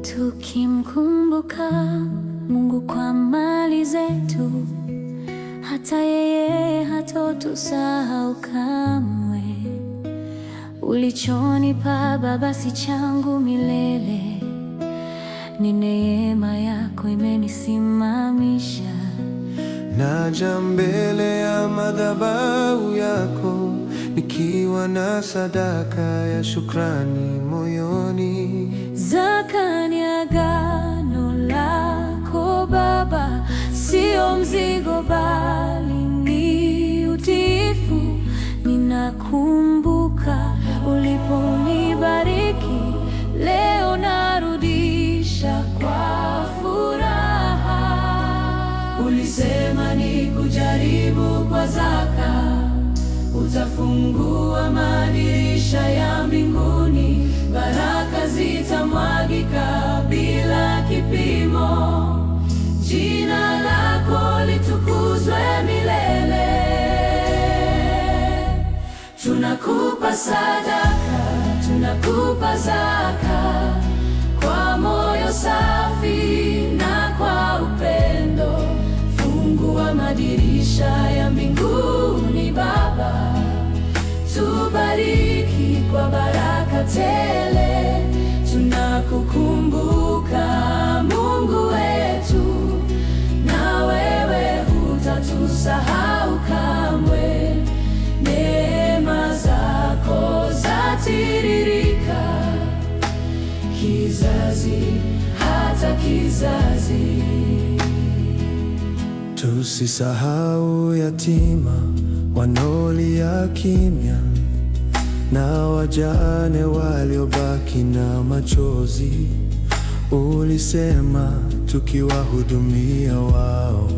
Tukimkumbuka Mungu kwa mali zetu, hata yeye hatotusahau kamwe. Ulichonipa Baba si changu milele, ni neema yako imenisimamisha. Naja mbele ya madhabahu yako nikiwa na sadaka ya shukrani moyoni. Zaka ni agano lako Baba, sio mzigo zaka utafungua madirisha ya mbinguni, baraka zitamwagika bila kipimo. Jina lako litukuzwe milele. Tunakupa sadaka, tunakupa sadaka. madirisha ya mbinguni. Baba, tubariki kwa baraka tele, tunakukumbuka Mungu wetu, na wewe hutatusahau kamwe. Neema zako zatiririka kizazi hata kizazi. Tusisahau yatima wanaolia kimya na wajane waliobaki na machozi. Ulisema tukiwahudumia wao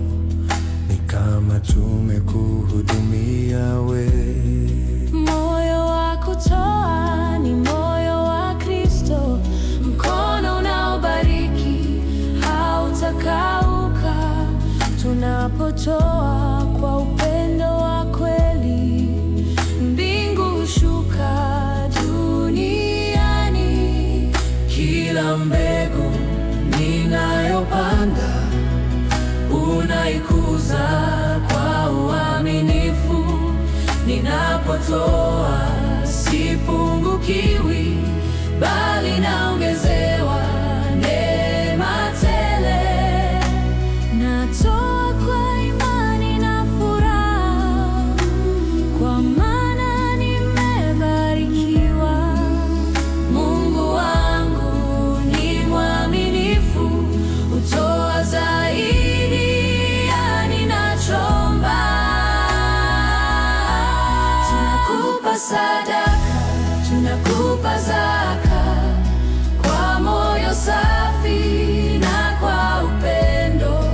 ni kama tumekuhudumia we toa sipo sadaka, tunakupa zaka kwa moyo safi na kwa upendo.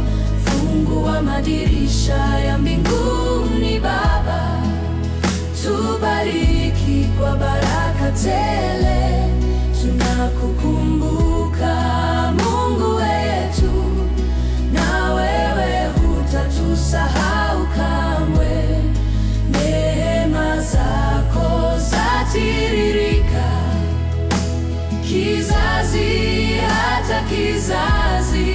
Fungua madirisha ya mbinguni Baba, tubariki kwa baraka tele, tunakukumbuka kizazi.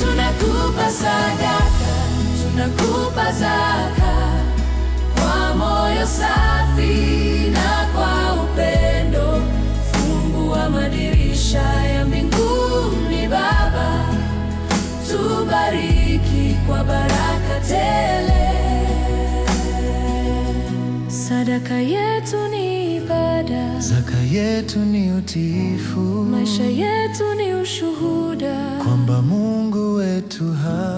Tunakupa sadaka, tunakupa zaka kwa moyo safi na kwa upendo. Fungua madirisha ya mbinguni Baba, tubariki kwa baraka tele. Sadaka yetu ni Zaka yetu ni utiifu, maisha yetu ni ushuhuda kwamba Mungu wetu ha